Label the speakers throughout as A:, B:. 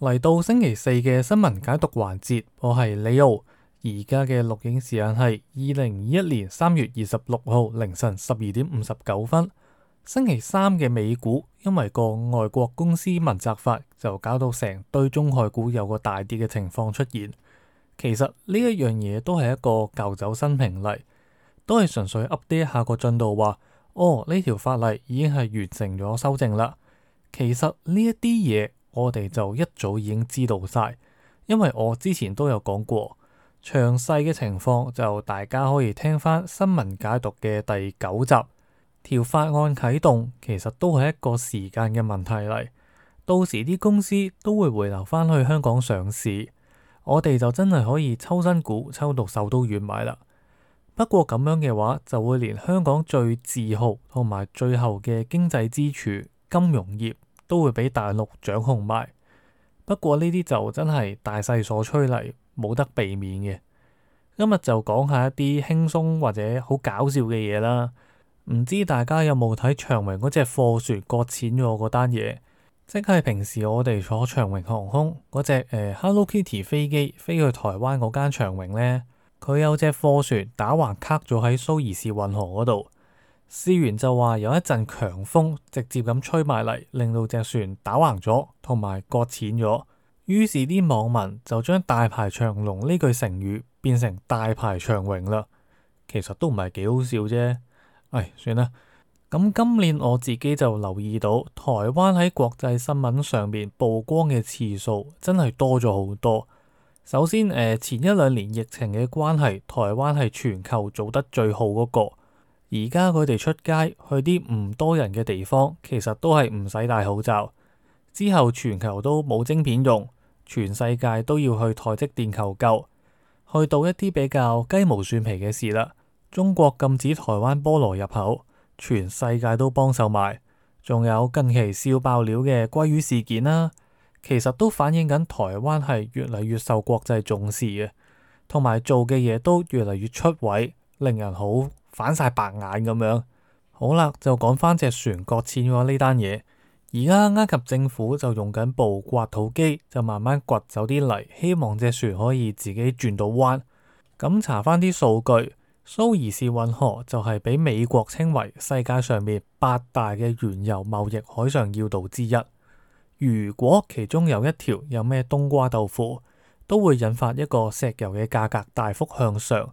A: 嚟到星期四嘅新聞解讀環節，我係李奧。而家嘅錄影時間係二零二一年三月二十六號凌晨十二點五十九分。星期三嘅美股，因為個外國公司問責法就搞到成堆中概股有個大跌嘅情況出現。其實呢一樣嘢都係一個舊酒新瓶嚟，都係純粹 update 下個進度話，哦，呢條法例已經係完成咗修正啦。其實呢一啲嘢。我哋就一早已經知道晒，因為我之前都有講過，詳細嘅情況就大家可以聽翻新聞解讀嘅第九集。條法案啟動其實都係一個時間嘅問題嚟，到時啲公司都會回流翻去香港上市，我哋就真係可以抽新股、抽到手都軟埋啦。不過咁樣嘅話，就會連香港最自豪同埋最後嘅經濟支柱金融業都會俾大陸掌控埋。不過呢啲就真係大勢所趨嚟，冇得避免嘅。今日就講下一啲輕鬆或者好搞笑嘅嘢啦。唔知大家有冇睇長榮嗰隻貨船擱淺咗嗰單嘢，即係平時我哋坐長榮航空嗰隻、呃、Hello Kitty 飛機飛去台灣嗰間長榮呢，佢有隻貨船打橫卡咗喺蘇伊士運河嗰度。試完就話有一陣強風直接咁吹埋嚟，令到隻船打橫咗，同埋擱淺咗。於是啲網民就將大排長龍呢句成語變成大排長榮啦。其實都唔係幾好笑啫。唉，算啦。咁今年我自己就留意到，台灣喺國際新聞上面曝光嘅次數真係多咗好多。首先，誒、呃、前一兩年疫情嘅關係，台灣係全球做得最好嗰、嗰個。而家佢哋出街去啲唔多人嘅地方，其實都係唔使戴口罩。之後全球都冇晶片用，全世界都要去台積電求救，去到一啲比較雞毛蒜皮嘅事啦。中國禁止台灣菠蘿入口，全世界都幫手賣。仲有，近期笑爆料嘅鮭魚事件啦，啊，其實都反映緊台灣係越嚟越受國際重視嘅，同埋做嘅嘢都越嚟越出位，令人好。反曬白眼咁樣好啦，就講翻隻船擱淺咗呢單嘢。而家埃及政府就用緊部挖土機就慢慢掘走啲泥，希望隻船可以自己轉到彎，咁查翻啲數據，蘇伊士運河就係俾美國稱為世界上面八大嘅原油貿易海上要道之一。如果其中有一條有咩冬瓜豆腐，都會引發一個石油嘅價格大幅向上。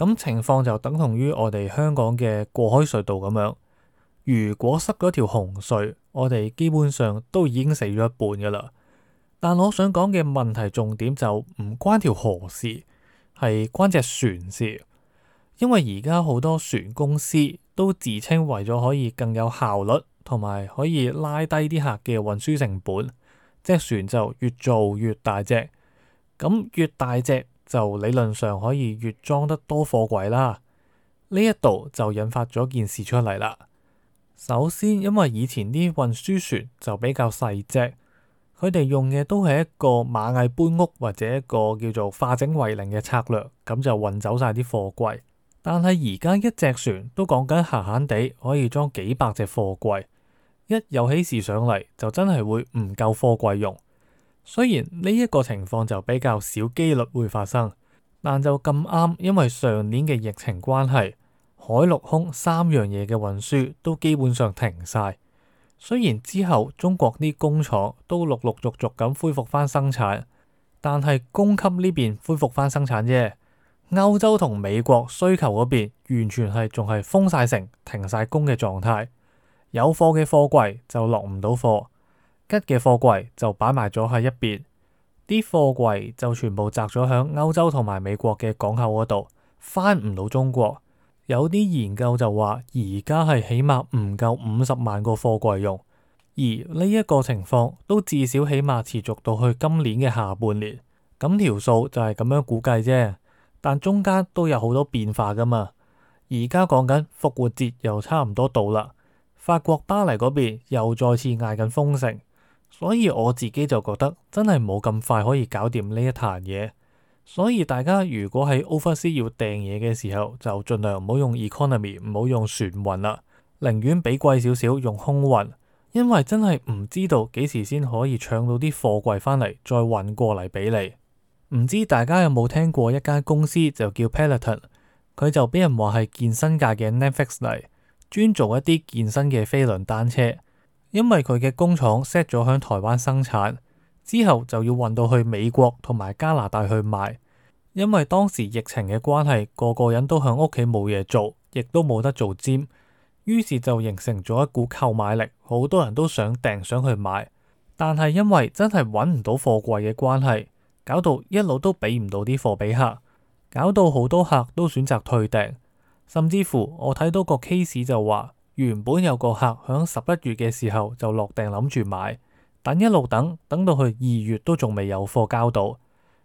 A: 咁情況就等同於我哋香港嘅過海隧道咁樣，如果塞咗條紅隧，我哋基本上都已經死咗一半噶啦。但我想講嘅問題重點就唔關條河事，係關隻船事。因為而家好多船公司都自稱為咗可以更有效率，同埋可以拉低啲客嘅運輸成本，隻船就越做越大隻，咁越大隻，就理論上可以越裝得多貨櫃啦，呢一度就引發咗件事出嚟啦。首先，因為以前啲運輸船就比較細隻，佢哋用嘅都係一個螞蟻搬屋或者一個叫做化整為零嘅策略，咁就運走晒啲貨櫃。但係而家一隻船都講緊閒閒地可以裝幾百隻貨櫃，一有起事上嚟就真係會唔夠貨櫃用。雖然呢一個情況就比較少幾率會發生，但就咁啱，因為上年嘅疫情關係，海陸空三樣嘢嘅運輸都基本上停晒。雖然之後中國啲工廠都陸陸續續咁恢復翻生產，但係供給呢邊恢復翻生產啫，歐洲同美國需求嗰邊完全係仲係封晒城、停晒工嘅狀態，有貨嘅貨櫃就落唔到貨。吉嘅貨櫃就擺埋咗喺一邊，啲貨櫃就全部砸咗響歐洲同埋美國嘅港口嗰度，翻唔到中國。有啲研究就話，而家係起碼唔夠五十萬個貨櫃用，而呢一個情況都至少起碼持續到去今年嘅下半年。咁條數就係咁樣估計啫，但中間都有好多變化噶嘛。而家講緊復活節又差唔多到啦，法國巴黎嗰邊又再次嗌緊封城。所以我自己就覺得真係冇咁快可以搞掂呢一壇嘢。所以大家如果喺 oversea 要訂嘢嘅時候，就盡量唔好用 economy，唔好用船運啦，寧願俾貴少少用空運，因為真係唔知道幾時先可以搶到啲貨櫃翻嚟，再運過嚟俾你。唔知大家有冇聽過一間公司就叫 Peloton，佢就俾人話係健身界嘅 Netflix 嚟，專做一啲健身嘅飛輪單車。因為佢嘅工廠 set 咗響台灣生產，之後就要運到去美國同埋加拿大去賣。因為當時疫情嘅關係，個個人都響屋企冇嘢做，亦都冇得做尖，於是就形成咗一股購買力，好多人都想訂想去買。但係因為真係揾唔到貨櫃嘅關係，搞到一路都俾唔到啲貨俾客，搞到好多客都選擇退訂。甚至乎我睇到個 case 就話。原本有個客喺十一月嘅時候就落定諗住買，等一路等等到去二月都仲未有貨交到，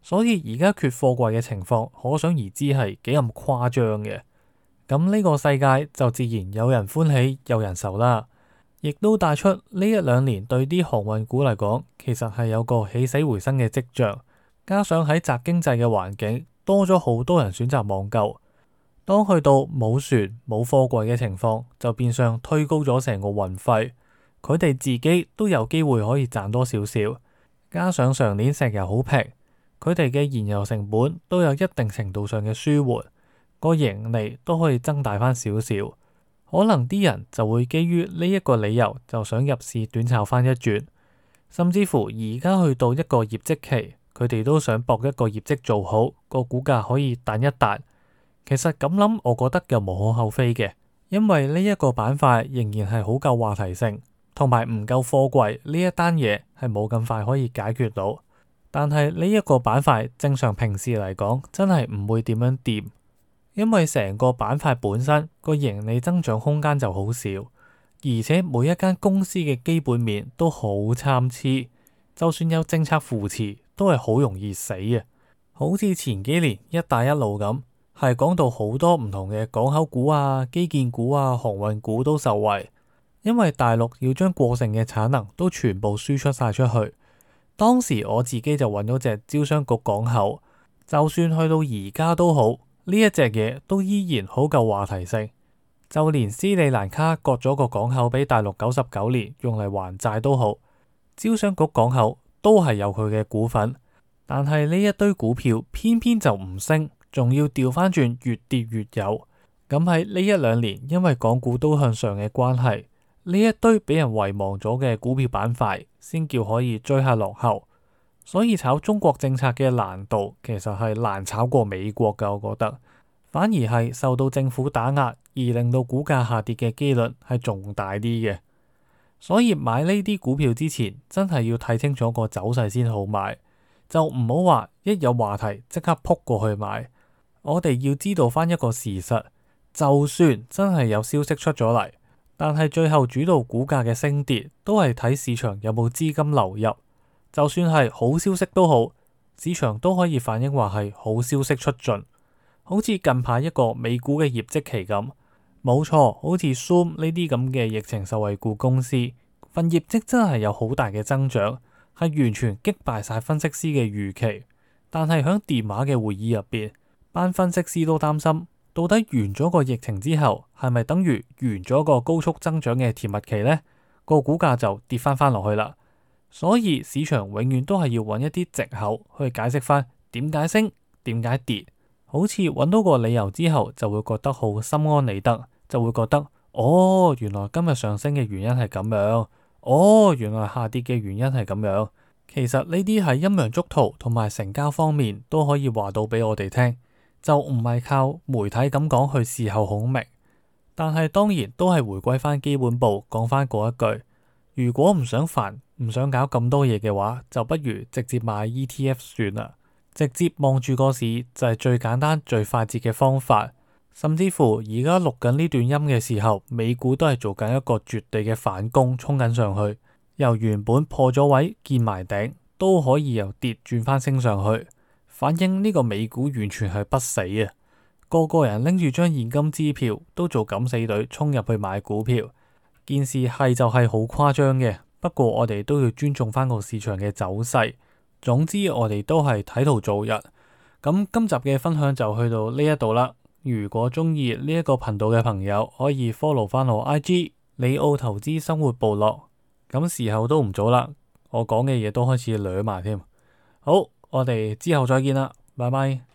A: 所以而家缺貨櫃嘅情況可想而知係幾咁誇張嘅。咁呢個世界就自然有人歡喜有人愁啦，亦都帶出呢一兩年對啲航運股嚟講，其實係有個起死回生嘅跡象，加上喺宅經濟嘅環境，多咗好多人選擇網購。當去到冇船冇貨櫃嘅情況，就變相推高咗成個運費，佢哋自己都有機會可以賺多少少。加上上年石油好平，佢哋嘅燃油成本都有一定程度上嘅舒緩，個盈利都可以增大翻少少。可能啲人就會基於呢一個理由，就想入市短炒翻一轉，甚至乎而家去到一個業績期，佢哋都想搏一個業績做好，個股價可以彈一彈。其實咁諗，我覺得又無可厚非嘅，因為呢一個板塊仍然係好夠話題性，同埋唔夠貨櫃呢一單嘢係冇咁快可以解決到。但係呢一個板塊正常平時嚟講真係唔會點樣掂，因為成個板塊本身個盈利增長空間就好少，而且每一間公司嘅基本面都好參差，就算有政策扶持都係好容易死嘅，好似前幾年一帶一路咁。係講到好多唔同嘅港口股啊、基建股啊、航運股都受惠，因為大陸要將過剩嘅產能都全部輸出晒出去。當時我自己就搵咗隻招商局港口，就算去到而家都好，呢一隻嘢都依然好夠話題性。就連斯里蘭卡割咗個港口俾大陸九十九年用嚟還債都好，招商局港口都係有佢嘅股份，但係呢一堆股票偏偏就唔升。仲要掉返轉，越跌越有，咁喺呢一兩年，因為港股都向上嘅關係，呢一堆畀人遺忘咗嘅股票板塊先叫可以追下落後，所以炒中國政策嘅難度其實係難炒過美國㗎。我覺得反而係受到政府打壓而令到股價下跌嘅機率係仲大啲嘅，所以買呢啲股票之前真係要睇清楚個走勢先好買，就唔好話一有話題即刻撲過去買。我哋要知道翻一個事實，就算真係有消息出咗嚟，但係最後主導股價嘅升跌都係睇市場有冇資金流入。就算係好消息都好，市場都可以反映話係好消息出盡。好似近排一個美股嘅業績期咁，冇錯，好似 Zoom 呢啲咁嘅疫情受惠股公司份業績真係有好大嘅增長，係完全擊敗晒分析師嘅預期。但係響電話嘅會議入邊。班分析師都擔心，到底完咗個疫情之後，係咪等於完咗個高速增長嘅甜蜜期呢？個股價就跌翻翻落去啦。所以市場永遠都係要揾一啲借口去解釋翻點解升、點解跌。好似揾到個理由之後，就會覺得好心安理得，就會覺得哦，原來今日上升嘅原因係咁樣，哦，原來下跌嘅原因係咁樣。其實呢啲係陰陽燭圖同埋成交方面都可以話到俾我哋聽。就唔係靠媒體咁講去事後孔明，但係當然都係回歸返基本步，講返嗰一句：如果唔想煩，唔想搞咁多嘢嘅話，就不如直接買 ETF 算啦。直接望住個市就係、是、最簡單最快捷嘅方法。甚至乎而家錄緊呢段音嘅時候，美股都係做緊一個絕對嘅反攻，衝緊上去，由原本破咗位見埋頂，都可以由跌轉翻升上去。反映呢個美股完全係不死啊！個個人拎住張現金支票都做敢死隊衝入去買股票，件事係就係好誇張嘅。不過我哋都要尊重翻個市場嘅走勢。總之我哋都係睇圖做人。咁今集嘅分享就去到呢一度啦。如果中意呢一個頻道嘅朋友，可以 follow 翻我 IG 李奧投資生活部落。咁時候都唔早啦，我講嘅嘢都開始兩埋添。好。我哋之後再見啦，拜拜。